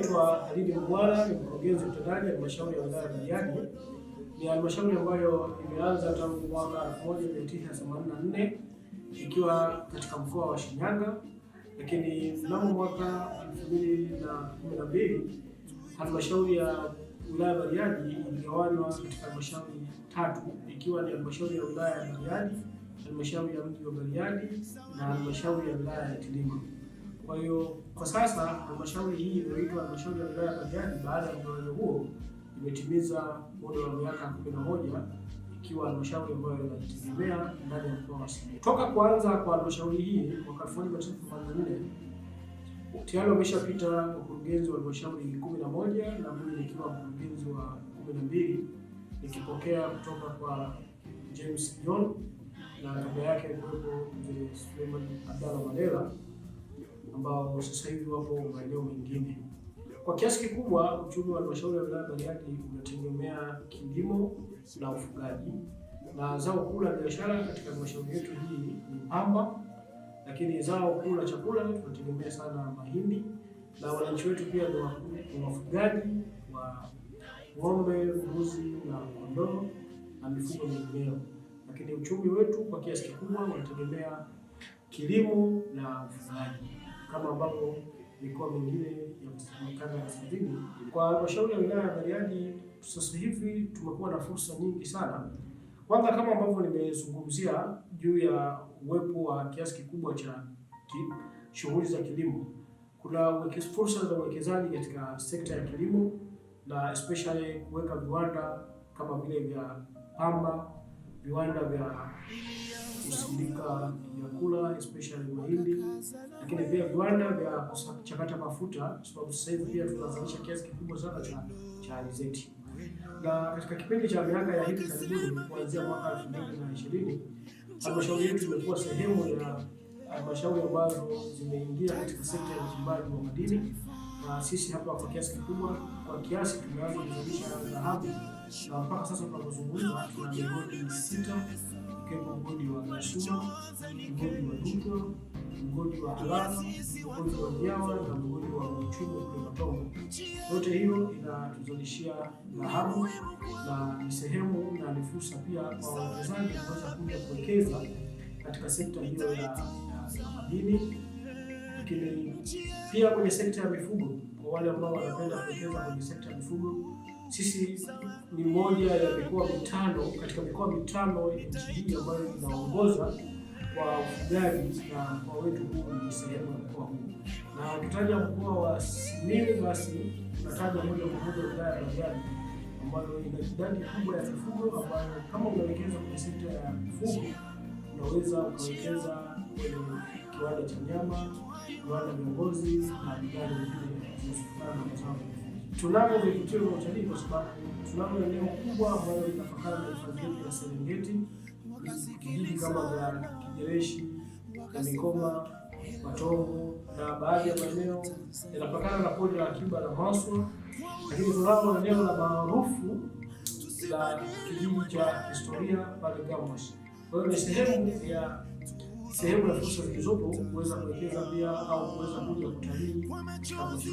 Naitwa Halidi Mgwara, ni mkurugenzi mtendaji halmashauri ya wilaya ya Bariadi. Ni halmashauri ambayo imeanza tangu mwaka 1984 ikiwa katika mkoa wa Shinyanga, lakini mnamo mwaka 2012 halmashauri ya wilaya Bariadi iligawanywa katika halmashauri tatu ikiwa ni halmashauri ya wilaya ya Bariadi, halmashauri ya mji wa Bariadi na halmashauri ya wilaya ya Tilima. Kwa hiyo kwa sasa halmashauri hii inaitwa halmashauri ya wilaya ya Bariadi baada ya mgawanyo huo imetimiza muda wa miaka kumi na moja ikiwa halmashauri ambayo inajitegemea ndani ya mkoa wa Simiyu. Toka kuanza kwa halmashauri hii mwaka 1984 tayari wameshapita wakurugenzi wa halmashauri kumi na moja na mimi nikiwa mkurugenzi wa kumi na mbili nikipokea kutoka kwa James John na kabla yake kuwepo Suleiman Abdalla Mandela ambao sasa hivi wapo maeneo mengine. Kwa kiasi kikubwa uchumi wa halmashauri ya wilaya ya Bariadi unategemea kilimo na ufugaji, na zao kuu la biashara katika halmashauri yetu hii ni pamba, lakini zao kuu la chakula tunategemea sana mahindi, na wananchi wetu pia ni wafugaji wa ng'ombe, mbuzi na kondoo na mifugo mingineyo, lakini uchumi wetu kwa kiasi kikubwa unategemea kilimo na ufugaji kama ambavyo mikoa mingine ya kanda ya kaskazini. Kwa halmashauri ya wilaya ya Bariadi sasa hivi tumekuwa na fursa nyingi sana. Kwanza, kama ambavyo nimezungumzia juu ya uwepo wa kiasi kikubwa cha shughuli za kilimo, kuna fursa za uwekezaji katika sekta ya kilimo na especially kuweka viwanda kama vile vya pamba, viwanda vya kusindika vyakula especially mahindi, lakini pia viwanda vya kuchakata mafuta, kwa sababu sasa hivi pia tunazalisha kiasi kikubwa sana cha cha alizeti. Na katika kipindi cha miaka ya hivi karibuni, kuanzia mwaka 2020 halmashauri yetu imekuwa sehemu ya halmashauri ambazo zimeingia katika sekta ya uchimbaji wa madini, na sisi hapa kwa kiasi kikubwa, kwa kiasi tumeanza kuzalisha dhahabu, na mpaka sasa tunapozungumza tuna migodi sita ikiwemo mgodi wa Nasua, mgodi wa Ruto, mgodi wa Halano, mgodi wa Nyawa na mgodi wa Uchumi Kuematongo. Yote hiyo inatuzalishia dhahabu na ni sehemu na ni fursa pia kwa wawekezaji kuweza kuja kuwekeza katika sekta hiyo ya madini, lakini pia kwenye sekta ya mifugo kwa wale ambao wanapenda kuwekeza kwenye sekta ya mifugo sisi ni moja ya mikoa mitano katika mikoa mitano ya nchi hii ambayo inaongoza kwa ufugaji na mkoa wetu huu ni sehemu ya mkoa huu, na ukitaja mkoa wa Simiyu basi unataja moja kwa moja wilaya ya Bariadi ambayo ina idadi kubwa ya mifugo ambayo kama unawekeza kwenye sekta ya mifugo unaweza ukawekeza kwenye kiwanda cha nyama, kiwanda vya ngozi na bidhaa nyingine zinazotokana na mazao tunavyo vivutio vya utalii kwa sababu tunavyo eneo kubwa ambayo linapakana na hifadhi ya Serengeti, vijiji kama vya Kijereshi na Mikoma, Matongo na baadhi ya maeneo yanapakana na pori la akiba la Maswa, lakini tunalo eneo la maarufu la kijiji cha historia pale Gamos. Kwa hiyo ni sehemu ya sehemu ya fursa zilizopo kuweza kuwekeza pia au kuweza kuja kutalii